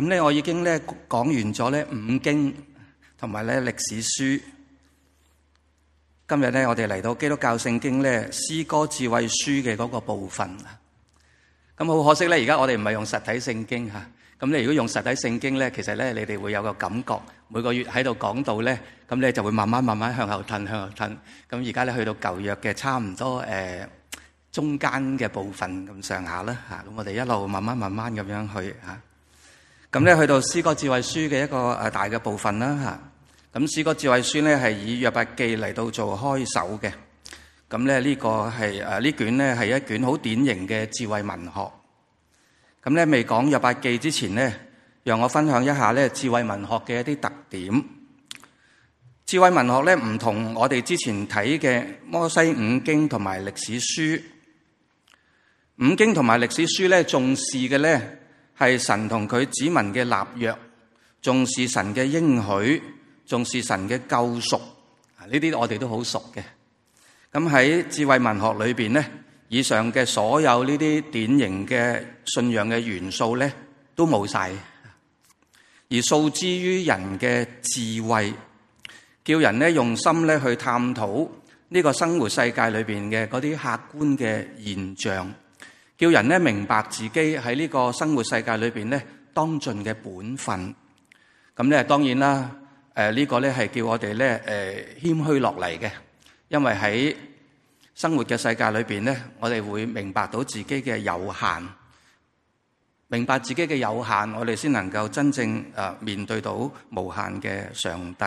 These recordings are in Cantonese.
咁咧，我已經咧講完咗咧五經同埋咧歷史書。今日咧，我哋嚟到基督教聖經咧詩歌智慧書嘅嗰個部分啊。咁好可惜咧，而家我哋唔係用實體聖經嚇。咁你如果用實體聖經咧，其實咧你哋會有個感覺，每個月喺度講到咧，咁咧就會慢慢慢慢向後褪向後褪。咁而家咧去到舊約嘅差唔多誒中間嘅部分咁上下啦嚇。咁我哋一路慢慢慢慢咁樣去嚇。咁咧去到《詩歌智慧書》嘅一個誒大嘅部分啦，吓，咁《詩歌智慧書》咧係以《約伯記》嚟到做開首嘅。咁咧呢個係誒呢卷咧係一卷好典型嘅智慧文學。咁咧未講《約伯記》之前咧，讓我分享一下咧智慧文學嘅一啲特點。智慧文學咧唔同我哋之前睇嘅摩西五經同埋歷史書。五經同埋歷史書咧重視嘅咧。係神同佢子民嘅立約，重視神嘅應許，重視神嘅救贖啊！呢啲我哋都好熟嘅。咁喺智慧文學裏邊咧，以上嘅所有呢啲典型嘅信仰嘅元素咧，都冇晒。而訴之於人嘅智慧，叫人咧用心咧去探討呢個生活世界裏邊嘅嗰啲客觀嘅現象。叫人咧明白自己喺呢個生活世界裏邊咧當盡嘅本分，咁咧當然啦，誒、這、呢個咧係叫我哋咧誒謙虛落嚟嘅，因為喺生活嘅世界裏邊咧，我哋會明白到自己嘅有限，明白自己嘅有限，我哋先能夠真正誒面對到無限嘅上帝。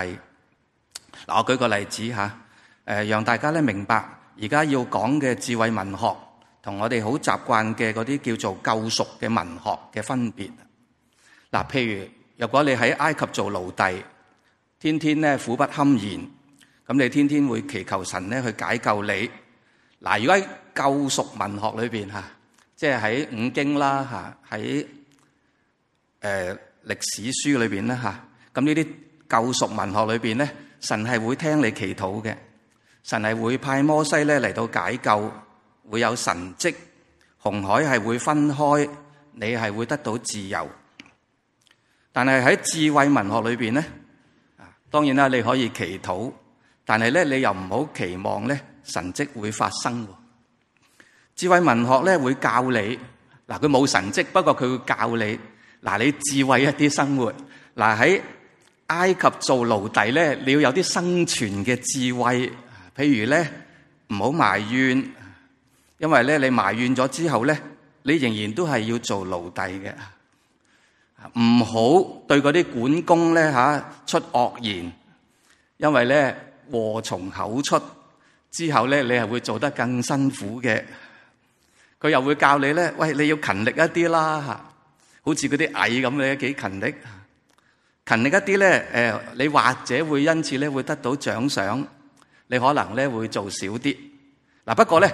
嗱，我舉個例子吓，誒讓大家咧明白而家要講嘅智慧文學。同我哋好習慣嘅嗰啲叫做救贖嘅文學嘅分別。嗱，譬如如果你喺埃及做奴隸，天天咧苦不堪言，咁你天天會祈求神咧去解救你。嗱，如果喺救贖文學裏邊嚇，即係喺五經啦嚇，喺誒歷史書裏邊咧嚇，咁呢啲救贖文學裏邊咧，神係會聽你祈禱嘅，神係會派摩西咧嚟到解救。會有神蹟，紅海係會分開，你係會得到自由。但係喺智慧文學裏邊咧，啊，當然啦，你可以祈禱，但係咧你又唔好期望咧神蹟會發生。智慧文學咧會教你嗱，佢冇神蹟，不過佢會教你嗱，你智慧一啲生活嗱，喺埃及做奴隸咧，你要有啲生存嘅智慧，譬如咧唔好埋怨。因為咧，你埋怨咗之後咧，你仍然都係要做奴隸嘅，唔好對嗰啲管工咧出惡言，因為咧禍從口出，之後咧你係會做得更辛苦嘅。佢又會教你咧，喂，你要勤力一啲啦，好似嗰啲蟻咁你幾勤力，勤力一啲咧，誒你或者會因此咧會得到獎賞，你可能咧會做少啲。嗱不過咧。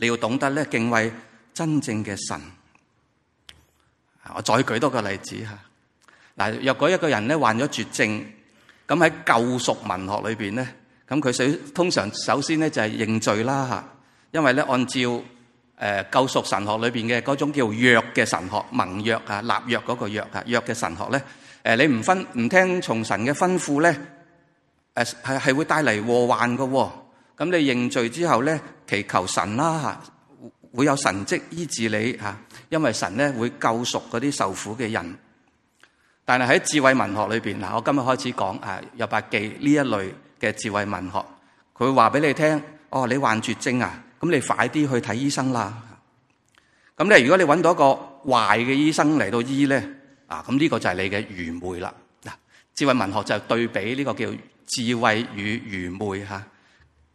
你要懂得咧敬畏真正嘅神。我再舉多個例子吓，嗱，若果一個人咧患咗絕症，咁喺救贖文學裏邊咧，咁佢首通常首先咧就係認罪啦吓，因為咧按照誒救贖神學裏邊嘅嗰種叫約嘅神學，盟約啊、立約嗰個約啊，約嘅神學咧，誒你唔分唔聽從神嘅吩咐咧，誒係係會帶嚟禍患噶。咁你認罪之後咧，祈求神啦、啊，會有神跡醫治你吓、啊，因為神咧會救贖嗰啲受苦嘅人。但係喺智慧文學裏邊，嗱，我今日開始講啊《約伯記》呢一類嘅智慧文學，佢話俾你聽：哦，你患絕症啊，咁你快啲去睇醫生啦。咁咧，如果你揾到一個壞嘅醫生嚟到醫咧，啊，咁呢個就係你嘅愚昧啦。嗱，智慧文學就係對比呢個叫智慧與愚昧吓。啊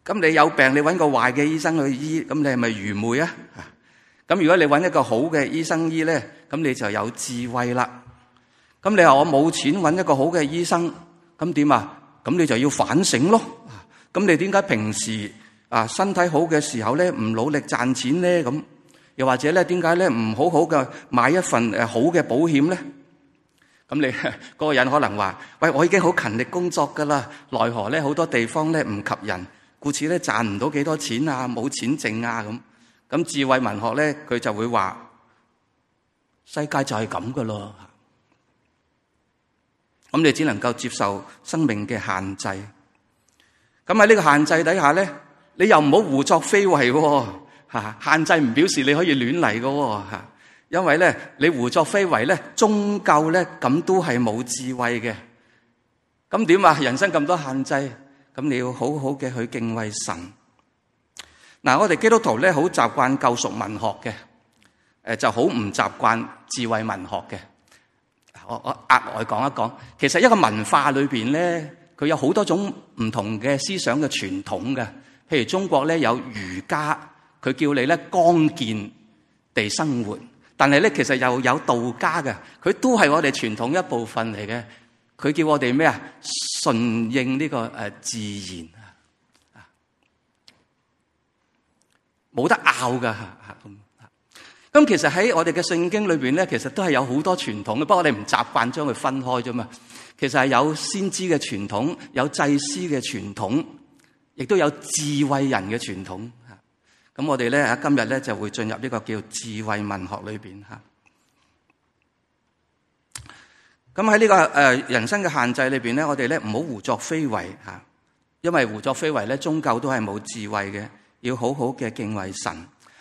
咁你有病，你揾個壞嘅醫生去醫，咁你係咪愚昧啊？咁如果你揾一個好嘅醫生醫咧，咁你就有智慧啦。咁你話我冇錢揾一個好嘅醫生，咁點啊？咁你就要反省咯。咁你點解平時啊身體好嘅時候咧唔努力賺錢咧？咁又或者咧點解咧唔好好嘅買一份誒好嘅保險咧？咁你個人可能話：喂，我已經好勤力工作噶啦，奈何咧好多地方咧唔及人。故此咧賺唔到幾多錢啊，冇錢剩啊咁。咁智慧文學咧佢就會話：世界就係咁噶咯。咁你只能夠接受生命嘅限制。咁喺呢個限制底下咧，你又唔好胡作非為啊。吓，啊，限制唔表示你可以亂嚟㗎吓。因為咧你胡作非為咧，終究咧咁都係冇智慧嘅。咁點啊？人生咁多限制。咁你要好好嘅去敬畏神。嗱，我哋基督徒咧好習慣救贖文學嘅，誒就好唔習慣智慧文學嘅。我我額外講一講，其實一個文化裏邊咧，佢有好多種唔同嘅思想嘅傳統嘅，譬如中國咧有儒家，佢叫你咧剛健地生活，但係咧其實又有道家嘅，佢都係我哋傳統一部分嚟嘅。佢叫我哋咩啊？順應呢個自然啊，冇得拗噶咁。咁其實喺我哋嘅聖經裏面咧，其實都係有好多傳統嘅，不過我哋唔習慣將佢分開啫嘛。其實係有先知嘅傳統，有祭司嘅傳統，亦都有智慧人嘅傳統。咁我哋咧今日咧就會進入呢個叫智慧文學裏面。咁喺呢個誒人生嘅限制裏面咧，我哋咧唔好胡作非為嚇，因為胡作非為咧，終究都係冇智慧嘅。要好好嘅敬畏神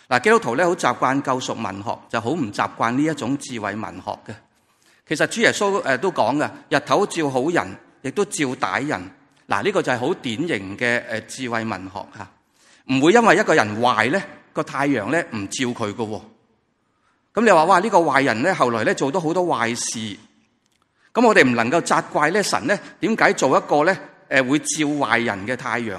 嗱。基督徒咧好習慣救贖文學，就好唔習慣呢一種智慧文學嘅。其實主耶穌都講㗎，日頭照好人，亦都照歹人嗱。呢個就係好典型嘅誒智慧文學嚇，唔會因為一個人壞咧，個太陽咧唔照佢㗎喎。咁你話哇，呢個壞人咧，後來咧做咗好多壞事。咁我哋唔能夠責怪咧，神咧點解做一個咧，誒，會照壞人嘅太陽，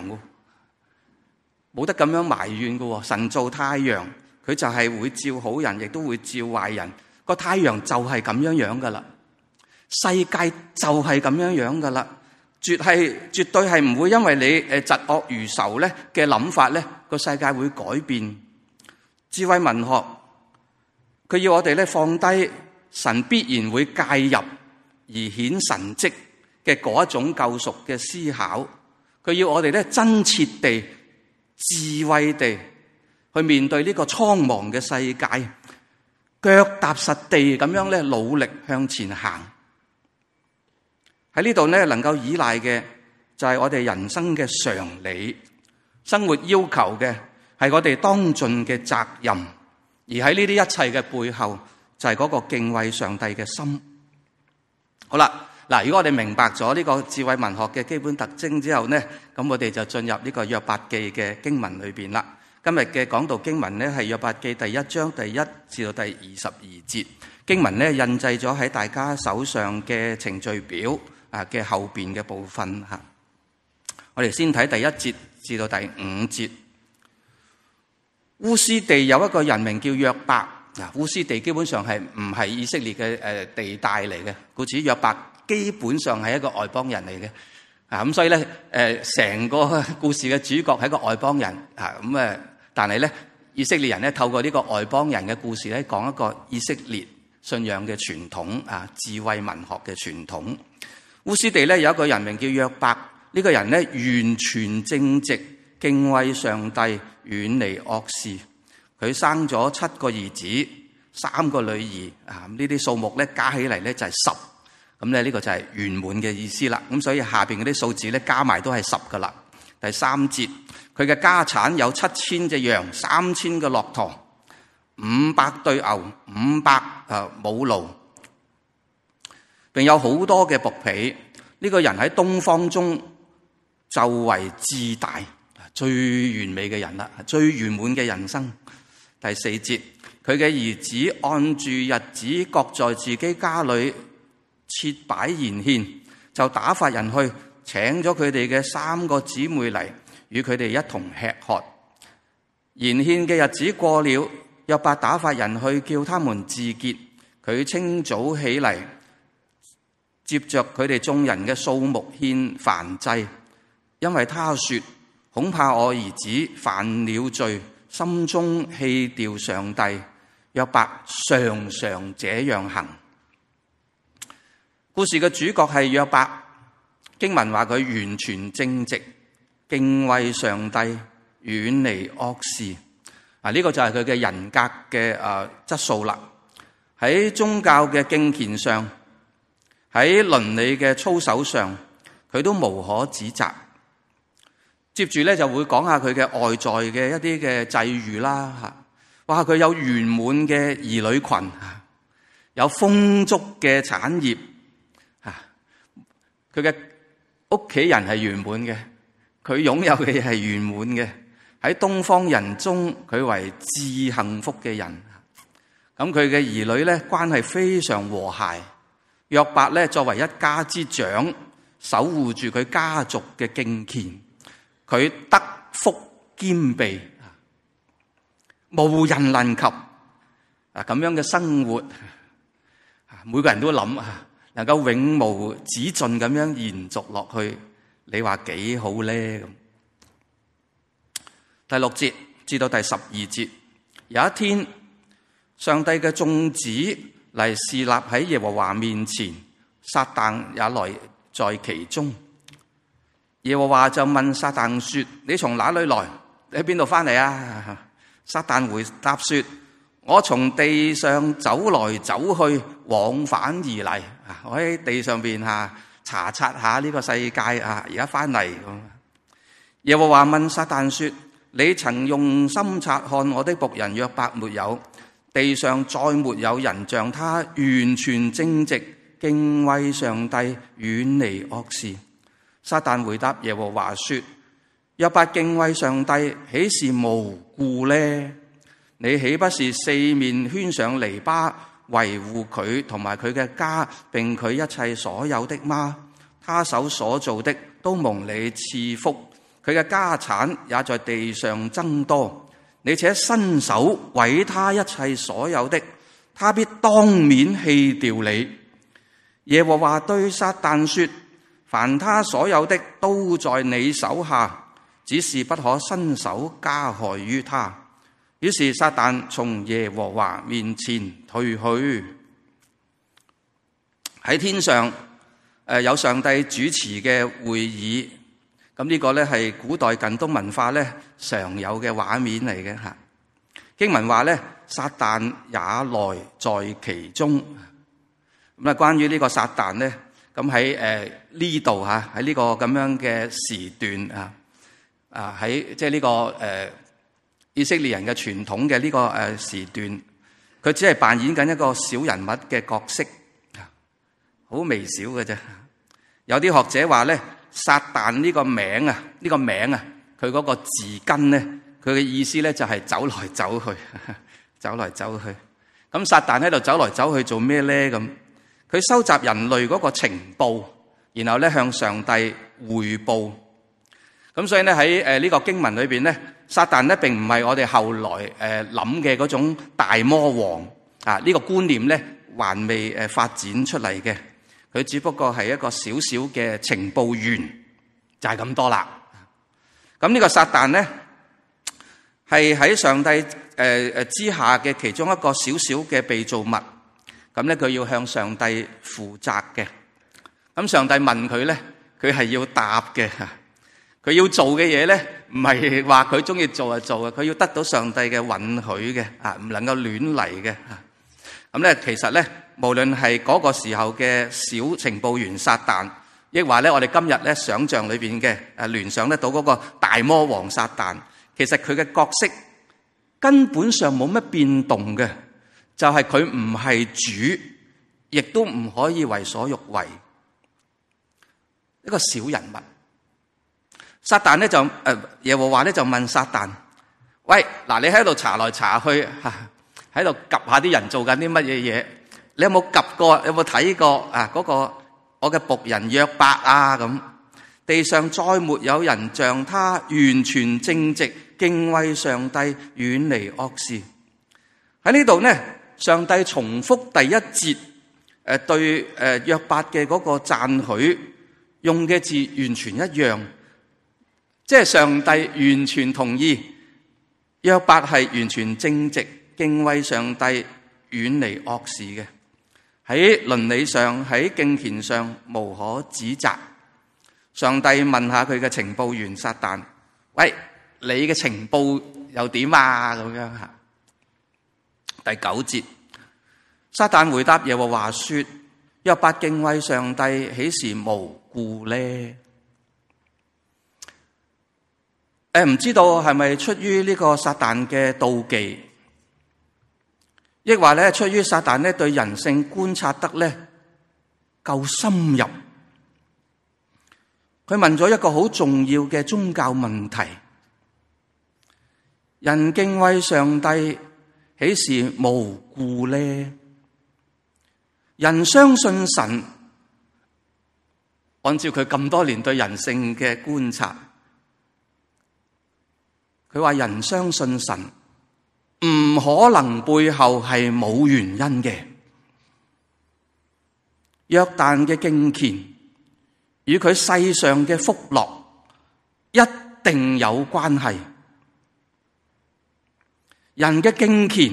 冇得咁樣埋怨噶哦。神做太陽，佢就係會照好人，亦都會照壞人。個太陽就係咁樣樣噶啦，世界就係咁樣樣噶啦，絕係絕對係唔會因為你誒，疾惡如仇咧嘅諗法咧，個世界會改變。智慧文學佢要我哋咧放低，神必然會介入。而顯神迹嘅嗰種救贖嘅思考，佢要我哋咧真切地、智慧地去面對呢個蒼茫嘅世界，腳踏實地咁樣咧努力向前行。喺呢度咧能夠依賴嘅就係我哋人生嘅常理，生活要求嘅係我哋當盡嘅責任，而喺呢啲一切嘅背後就係嗰個敬畏上帝嘅心。好啦，嗱，如果我哋明白咗呢個智慧文學嘅基本特徵之後咧，咁我哋就進入呢個約伯記嘅經文裏邊啦。今日嘅講道經文咧，係約伯記第一章第一至到第二十二節經文咧印製咗喺大家手上嘅程序表啊嘅後邊嘅部分吓，我哋先睇第一節至到第五節。烏斯地有一個人名叫約伯。嗱，烏斯地基本上係唔係以色列嘅誒地帶嚟嘅，故此約伯基本上係一個外邦人嚟嘅，啊咁所以咧誒，成個故事嘅主角係一個外邦人，啊咁誒，但係咧以色列人咧透過呢個外邦人嘅故事咧講一個以色列信仰嘅傳統啊，智慧文學嘅傳統。烏斯地咧有一個人名叫約伯，呢個人咧完全正直，敬畏上帝，遠離惡事。佢生咗七個兒子，三個女兒，啊！呢啲數目咧加起嚟咧就係十，咁咧呢個就係圓滿嘅意思啦。咁所以下邊嗰啲數字咧加埋都係十噶啦。第三節，佢嘅家產有七千隻羊，三千個駱駝，五百對牛，五百啊母驢，並有好多嘅僕婢。呢、這個人喺東方中就為至大，最完美嘅人啦，最圓滿嘅人生。第四節，佢嘅兒子按住日子，各在自己家裏設擺筵宴，就打發人去請咗佢哋嘅三個姊妹嚟，與佢哋一同吃喝。筵宴嘅日子過了，又又打發人去叫他們自潔。佢清早起嚟，按着佢哋眾人嘅數目獻燔祭，因為他說，恐怕我兒子犯了罪。心中棄掉上帝，約伯常常這樣行。故事嘅主角係約伯，經文話佢完全正直，敬畏上帝，遠離惡事。啊，呢個就係佢嘅人格嘅誒質素啦。喺宗教嘅敬虔上，喺倫理嘅操守上，佢都無可指責。接住咧，就會講下佢嘅外在嘅一啲嘅際遇啦嚇，哇！佢有圓滿嘅兒女群，有豐足嘅產業嚇，佢嘅屋企人係圓滿嘅，佢擁有嘅嘢係圓滿嘅。喺東方人中，佢為至幸福嘅人。咁佢嘅兒女咧，關係非常和諧。約伯咧，作為一家之長，守護住佢家族嘅敬虔。佢德福兼備，無人能及啊！咁樣嘅生活，每個人都諗啊，能夠永無止盡咁樣延續落去，你話幾好咧咁？第六節至到第十二節，有一天，上帝嘅眾子嚟侍立喺耶和華面前，撒但也來在其中。耶和華就問撒旦說：你從哪裏來？你喺邊度翻嚟啊？撒旦回答說：我從地上走來走去，往返而嚟。我喺地上邊查察下呢個世界啊，而家翻嚟。耶和華問撒旦說：你曾用心察看我的僕人約伯沒有？地上再沒有人像他完全正直，敬畏上帝，遠離惡事。撒旦回答耶和華說：約伯敬畏上帝，豈是無故呢？你豈不是四面圈上籬笆，維護佢同埋佢嘅家，並佢一切所有的嗎？他手所做的都蒙你賜福，佢嘅家產也在地上增多。你且伸手毀他一切所有的，他必當面棄掉你。耶和華對撒旦說。凡他所有的都在你手下，只是不可伸手加害於他。於是撒旦從耶和華面前退去。喺天上，有上帝主持嘅會議，咁、這、呢個咧，係古代近東文化咧，常有嘅畫面嚟嘅吓。經文話咧，撒旦也來在其中。咁啊，關於呢個撒旦咧？咁喺誒呢度吓，喺呢個咁樣嘅時段啊啊，喺即係呢個誒以色列人嘅傳統嘅呢個誒時段，佢只係扮演緊一個小人物嘅角色，好微小嘅啫。有啲學者話咧，撒旦呢個名啊，呢、呢個名啊，佢嗰個字根咧，佢嘅意思咧就係走來走去，走來走去。咁撒旦喺度走來走去做咩咧？咁？佢收集人類個情報，然後咧向上帝匯報，咁所以咧喺誒呢個經文裏邊咧，撒但咧並唔係我哋後來誒諗嘅種大魔王啊！呢、這個觀念咧還未誒發展出嚟嘅，佢只不過係一個小小嘅情報員就係、是、咁多啦。咁、這、呢個撒但咧係喺上帝誒誒之下嘅其中一個小小嘅被造物。咁咧，佢要向上帝負責嘅。咁上帝問佢咧，佢係要答嘅。佢要做嘅嘢咧，唔係話佢中意做就做嘅，佢要得到上帝嘅允許嘅，唔能夠亂嚟嘅。咁咧，其實咧，無論係嗰個時候嘅小情報員撒旦，亦話咧我哋今日咧想象裏邊嘅誒，聯想得到嗰個大魔王撒旦，其實佢嘅角色根本上冇乜變動嘅。就係佢唔係主，亦都唔可以為所欲為，一個小人物。撒旦呢就誒耶和華呢就問撒旦：「喂嗱，你喺度查來查去，喺度及下啲人做緊啲乜嘢嘢？你有冇及過？有冇睇過、那個、啊？嗰個我嘅僕人約伯啊，咁地上再沒有人像他完全正直，敬畏上帝，遠離惡事」。喺呢度呢。上帝重複第一節，誒對，誒約伯嘅嗰個讚許，用嘅字完全一樣，即係上帝完全同意約伯係完全正直敬畏上帝、遠離惡事嘅。喺倫理上、喺敬虔上無可指責。上帝問下佢嘅情報員撒旦，喂，你嘅情報又點啊？咁第九節，撒旦回答耶和華說：約伯敬畏上帝，豈是無故呢？誒，唔知道係咪出於呢個撒旦嘅妒忌，亦或咧出於撒旦咧對人性觀察得咧夠深入？佢問咗一個好重要嘅宗教問題：人敬畏上帝。豈是無故呢？人相信神，按照佢咁多年對人性嘅觀察，佢話人相信神唔可能背後係冇原因嘅。約伯嘅敬虔與佢世上嘅福樂一定有關係。人嘅敬虔，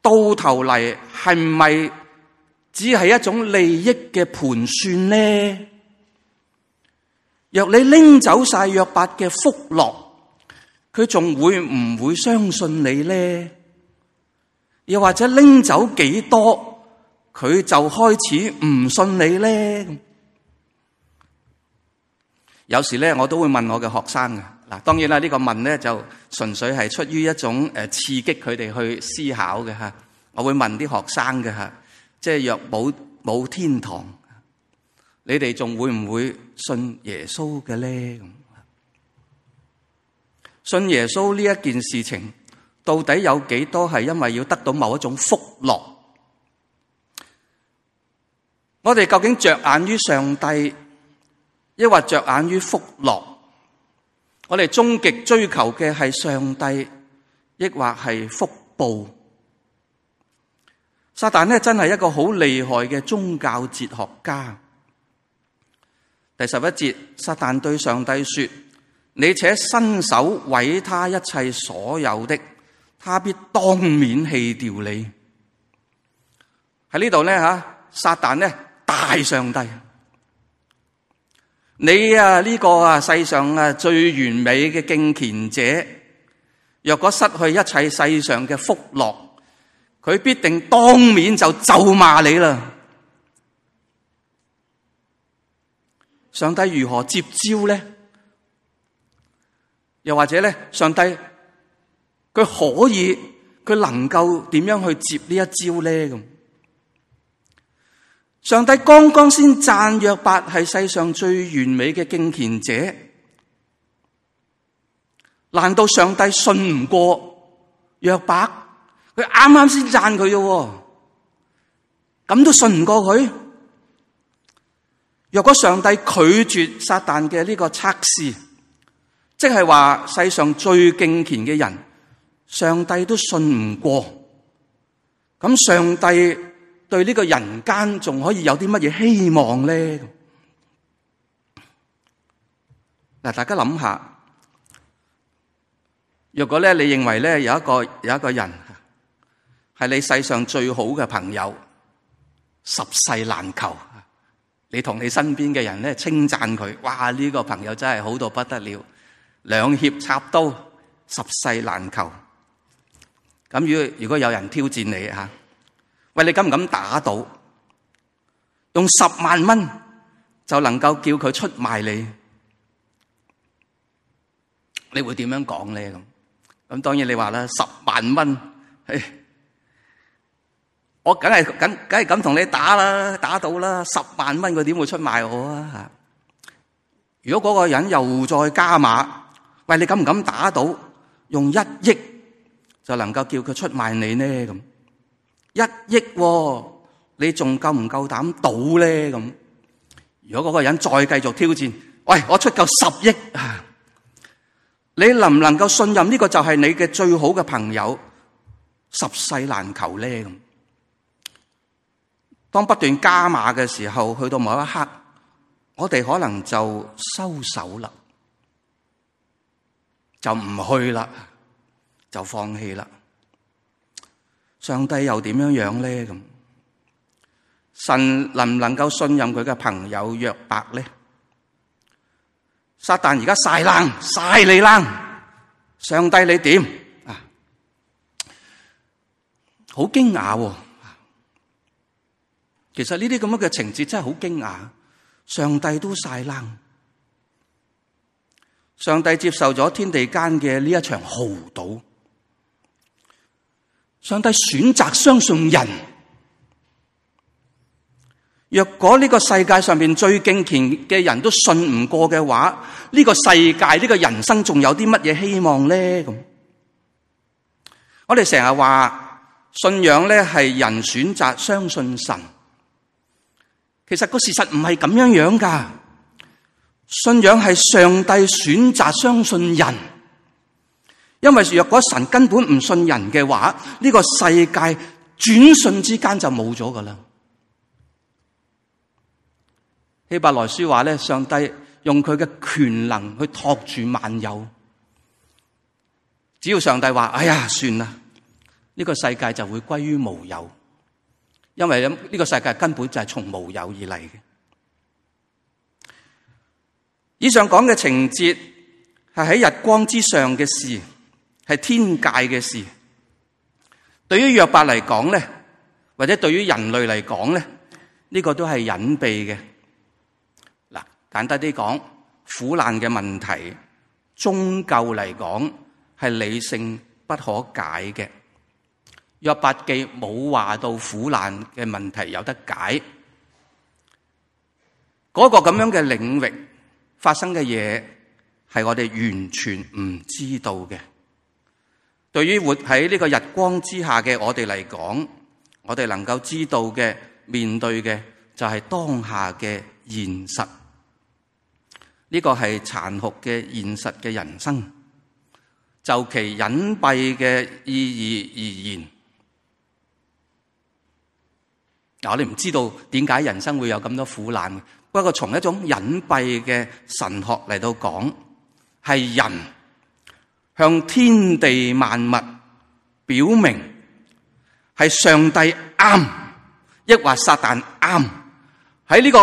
到頭嚟係咪只係一種利益嘅盤算呢？若你拎走晒約伯嘅福樂，佢仲會唔會相信你呢？又或者拎走幾多，佢就開始唔信你呢？有時咧，我都會問我嘅學生當然啦，呢、這個問咧就純粹係出於一種誒刺激佢哋去思考嘅吓，我會問啲學生嘅吓，即係若冇冇天堂，你哋仲會唔會信耶穌嘅咧？信耶穌呢一件事情到底有幾多係因為要得到某一種福樂？我哋究竟着眼於上帝，抑或着眼於福樂？我哋終極追求嘅係上帝，亦或係福報。撒旦呢真係一個好厲害嘅宗教哲學家。第十一節，撒旦對上帝說：「你且伸手毀他一切所有的，他必當面棄掉你。」喺呢度呢，撒旦大上帝。你呀、啊，呢、呢個啊世上啊最完美嘅敬虔者，若果失去一切世上嘅福樂，佢必定當面就咒罵你啦。上帝如何接招咧？又或者咧，上帝佢可以佢能夠點樣去接呢一招咧？咁。上帝剛剛先讚約伯係世上最完美嘅敬虔者，難道上帝信唔過約伯？佢啱啱先讚佢喎，咁都信唔過佢？若果上帝拒絕撒旦嘅呢個測試，即係話世上最敬虔嘅人，上帝都信唔過，咁上帝？對呢個人間仲可以有啲乜嘢希望咧？嗱，大家諗下，若果咧你認為咧有一個有一個人係你世上最好嘅朋友，十世難求，你同你身邊嘅人咧稱讚佢，哇，呢個朋友真係好到不得了，兩脅插刀，十世難求。咁如果如果有人挑戰你吓？喂，你敢唔敢打賭？用十萬蚊就能夠叫佢出賣你，你會點樣講咧？咁咁，當然你話啦，十萬蚊，我梗係梗梗係咁同你打啦，打到啦，十萬蚊佢點會出賣我啊？吓！如果嗰個人又再加碼，喂，你敢唔敢打賭？用一億就能夠叫佢出賣你呢？咁？一億，你仲夠唔夠膽賭咧？咁如果嗰個人再繼續挑戰，喂，我出夠十億，你能唔能夠信任呢個就係你嘅最好嘅朋友，十世難求咧？咁當不斷加碼嘅時候，去到某一刻，我哋可能就收手啦，就唔去啦，就放棄啦。上帝又點樣樣呢？咁神能唔能夠信任佢嘅朋友約伯呢？撒旦而家晒冷，晒你冷，上帝你點啊？好驚訝，其實呢啲咁樣嘅情節真係好驚訝。上帝都晒冷，上帝接受咗天地間嘅呢一場豪賭。上帝選擇相信人。若果呢個世界上面最敬虔嘅人都信唔過嘅話，呢個世界，呢個人生仲有啲乜嘢希望咧？咁我哋成日話信仰咧係人選擇相信神，其實個事實唔係咁樣樣噶。信仰係上帝選擇相信人。因為若果神根本唔信人嘅話，呢個世界轉瞬之間就冇咗噶啦。希伯來書話咧，上帝用佢嘅權能去托住萬有，只要上帝話，哎呀，算啦，呢個世界就會歸於無有，因為呢個世界根本就係從無有而嚟嘅。以上講嘅情節係喺日光之上嘅事。係天界嘅事。對於約伯嚟講咧，或者對於人類嚟講咧，呢個都係隱秘嘅嗱。簡單啲講，苦難嘅問題，終究嚟講係理性不可解嘅。約伯記冇話到苦難嘅問題有得解，嗰個咁樣嘅領域發生嘅嘢，係我哋完全唔知道嘅。對於活喺呢個日光之下嘅我哋嚟講，我哋能夠知道嘅、面對嘅就係、是、當下嘅現實。呢、這個係殘酷嘅現實嘅人生。就其隱蔽嘅意義而言，嗱，我哋唔知道點解人生會有咁多苦難，不過從一種隱蔽嘅神學嚟到講，係人。向天地萬物表明，係上帝啱，抑或撒旦啱？喺呢個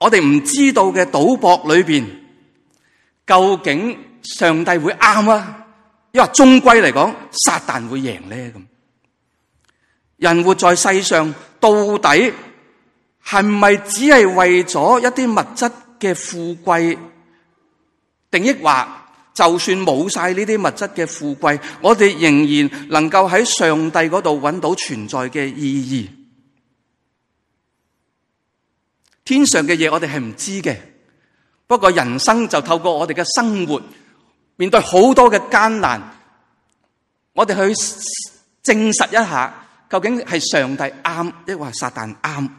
我哋唔知道嘅賭博裏邊，究竟上帝會啱啊？抑或終歸嚟講，撒旦會贏咧？咁人活在世上，到底係咪只係為咗一啲物質嘅富貴定抑或？就算冇晒呢啲物質嘅富貴，我哋仍然能夠喺上帝嗰度揾到存在嘅意義。天上嘅嘢我哋係唔知嘅，不過人生就透過我哋嘅生活，面對好多嘅艱難，我哋去證實一下究竟係上帝啱，抑或撒旦啱，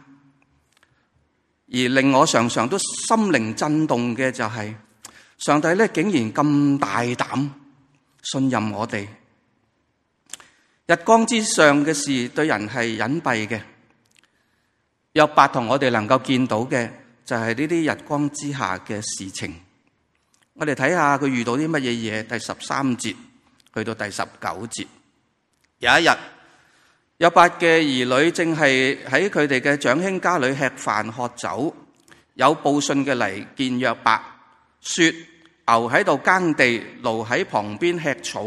而令我常常都心靈震動嘅就係、是。上帝呢，竟然咁大膽信任我哋。日光之上嘅事對人係隱蔽嘅，約伯同我哋能夠見到嘅就係呢啲日光之下嘅事情。我哋睇下佢遇到啲乜嘢嘢。第十三節去到第十九節，有一日，約伯嘅兒女正係喺佢哋嘅長兄家裏吃飯喝酒，有報信嘅嚟見約伯。說牛喺度耕地，驢喺旁邊吃草。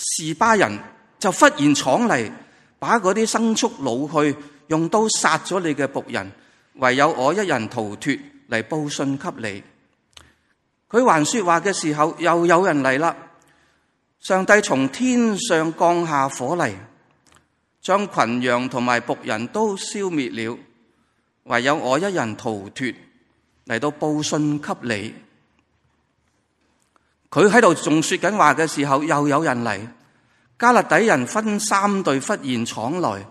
示巴人就忽然闖嚟，把嗰啲牲畜擄去，用刀殺咗你嘅僕人。唯有我一人逃脱嚟報信給你。佢還說話嘅時候，又有人嚟啦。上帝從天上降下火嚟，將群羊同埋僕人都消滅了。唯有我一人逃脱嚟到報信給你。佢喺度仲說緊話嘅時候，又有人嚟。加勒底人分三隊忽然闖來，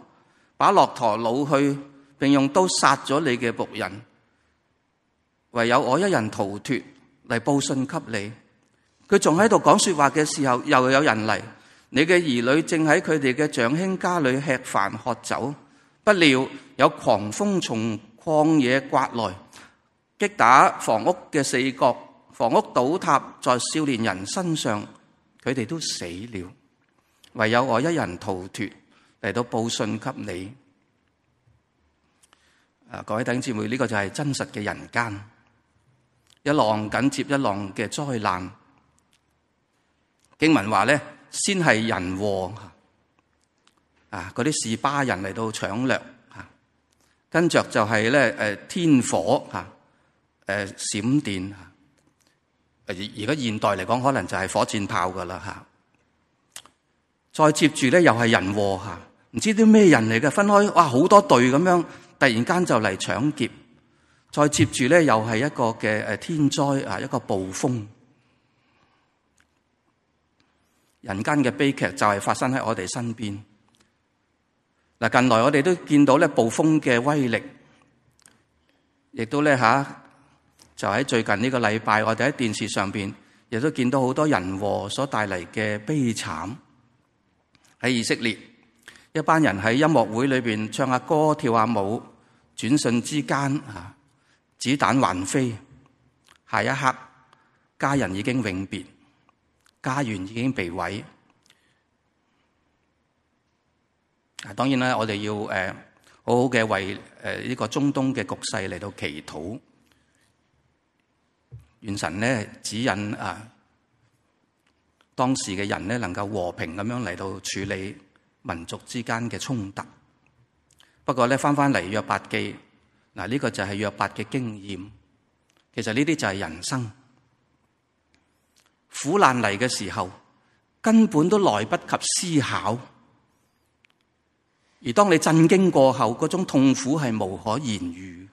把駱駝擄去，並用刀殺咗你嘅僕人。唯有我一人逃脱嚟報信給你。佢仲喺度講說話嘅時候，又有人嚟。你嘅兒女正喺佢哋嘅長兄家裏吃飯喝酒，不料有狂風從曠野颳來，擊打房屋嘅四角。房屋倒塌在少年人身上，佢哋都死了。唯有我一人逃脱嚟到報信給你。啊，各位弟兄姊妹，呢、這個就係真實嘅人間一浪緊接一浪嘅災難。經文話咧，先係人禍啊，嗰啲士巴人嚟到搶掠、啊、跟着就係咧誒天火吓，誒、啊、閃、啊、電而家現代嚟講，可能就係火箭炮㗎喇嚇。再接住咧，又係人禍嚇，唔知啲咩人嚟嘅，分開哇好多隊咁樣，突然間就嚟搶劫。再接住咧，又係一個嘅誒天災啊，一個暴風。人間嘅悲劇就係發生喺我哋身邊。嗱，近來我哋都見到咧暴風嘅威力，亦都咧嚇。就喺最近呢個禮拜，我哋喺電視上面，亦都見到好多人禍所帶嚟嘅悲慘。喺以色列，一班人喺音樂會裏邊唱下歌，跳下舞，轉瞬之間子彈橫飛，下一刻家人已經永別，家園已經被毀。啊，當然啦，我哋要誒、呃、好好嘅為誒呢、呃呢個中東嘅局勢嚟到祈禱。願神咧指引啊，當時嘅人咧能夠和平咁樣嚟到處理民族之間嘅衝突。不過咧翻翻嚟約伯記，嗱、這、呢個就係約伯嘅經驗。其實呢啲就係人生苦難嚟嘅時候，根本都來不及思考。而當你震驚過後，嗰種痛苦係無可言喻。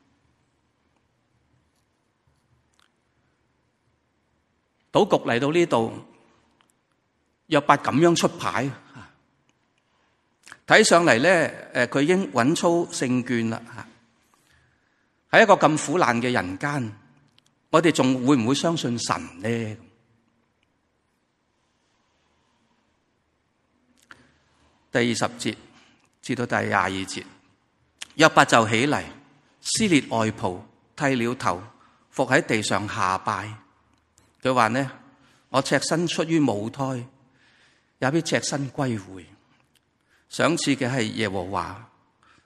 賭局嚟到呢度，約伯咁樣出牌，睇上嚟呢，佢已經穩操勝券啦。喺一個咁苦難嘅人間，我哋仲會唔會相信神呢？第二十節至到第二十二節，約伯就起嚟，撕裂外袍，剃了頭，伏喺地上下拜。佢話呢，我赤身出於母胎，也必赤身歸回。賞賜嘅係耶和華，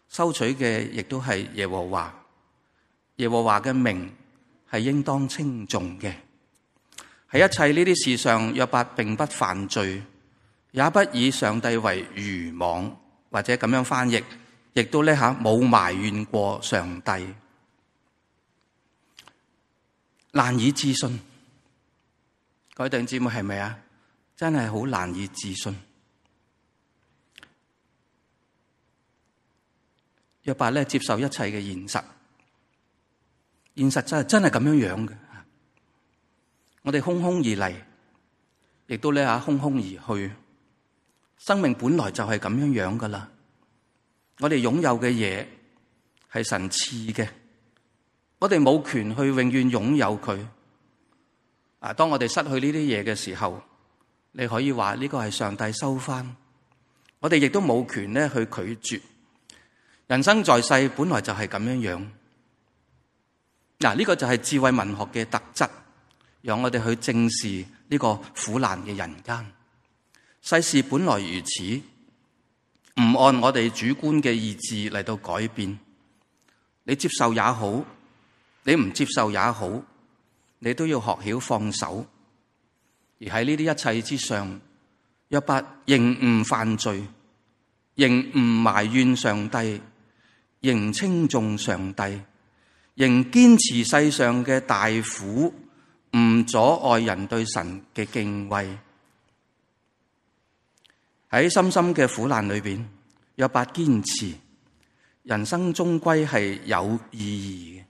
收取嘅亦都係耶和華。耶和華嘅名係應當稱頌嘅。喺一切呢啲事上，約伯並不犯罪，也不以上帝為愚妄，或者咁樣翻譯，亦都呢下冇埋怨過上帝，難以置信。嗰定節目係咪啊？真係好難以置信。約伯咧接受一切嘅現實，現實真係真係咁樣樣嘅。我哋空空而嚟，亦都是空空而去。生命本來就係咁樣樣㗎喇。我哋擁有嘅嘢係神賜嘅，我哋冇權去永遠擁有佢。啊！當我哋失去呢啲嘢嘅時候，你可以話呢個係上帝收返。我哋亦都冇權咧去拒絕。人生在世，本來就係咁樣樣。嗱，呢個就係智慧文學嘅特質，讓我哋去正視呢個苦難嘅人間。世事本來如此，唔按我哋主觀嘅意志嚟到改變。你接受也好，你唔接受也好。你都要學曉放手，而喺呢啲一切之上，約伯仍唔犯罪，仍唔埋怨上帝，仍尊重上帝，仍堅持世上嘅大苦唔阻礙人對神嘅敬畏。喺深深嘅苦難裏邊，約伯堅持，人生終歸係有意義嘅。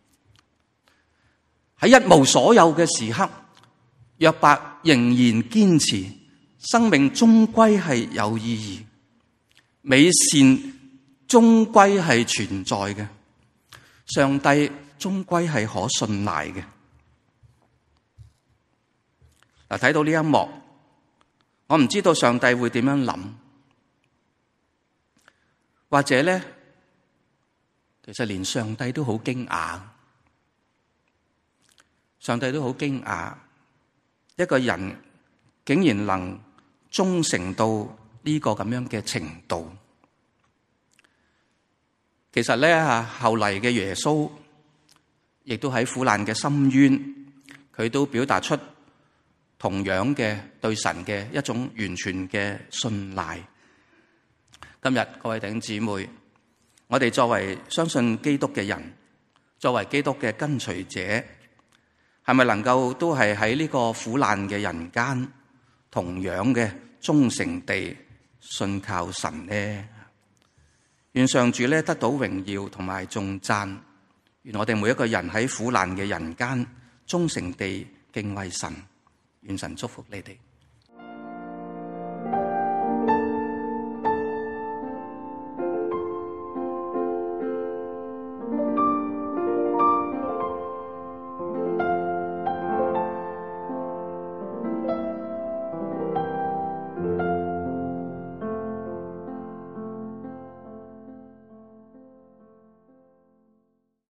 喺一無所有嘅時刻，約伯仍然堅持生命終歸係有意義，美善終歸係存在嘅，上帝終歸係可信賴嘅。嗱，睇到呢一幕，我唔知道上帝會點樣諗，或者咧，其實連上帝都好驚訝。上帝都好驚訝，一個人竟然能忠誠到呢個咁樣嘅程度。其實咧，吓後嚟嘅耶穌，亦都喺苦難嘅深淵，佢都表達出同樣嘅對神嘅一種完全嘅信賴。今日各位弟姊妹，我哋作為相信基督嘅人，作為基督嘅跟隨者。係咪能夠都係喺呢個苦難嘅人間，同樣嘅忠誠地信靠神呢？願上主咧得到榮耀同埋重讚。願我哋每一個人喺苦難嘅人間，忠誠地敬畏神。願神祝福你哋。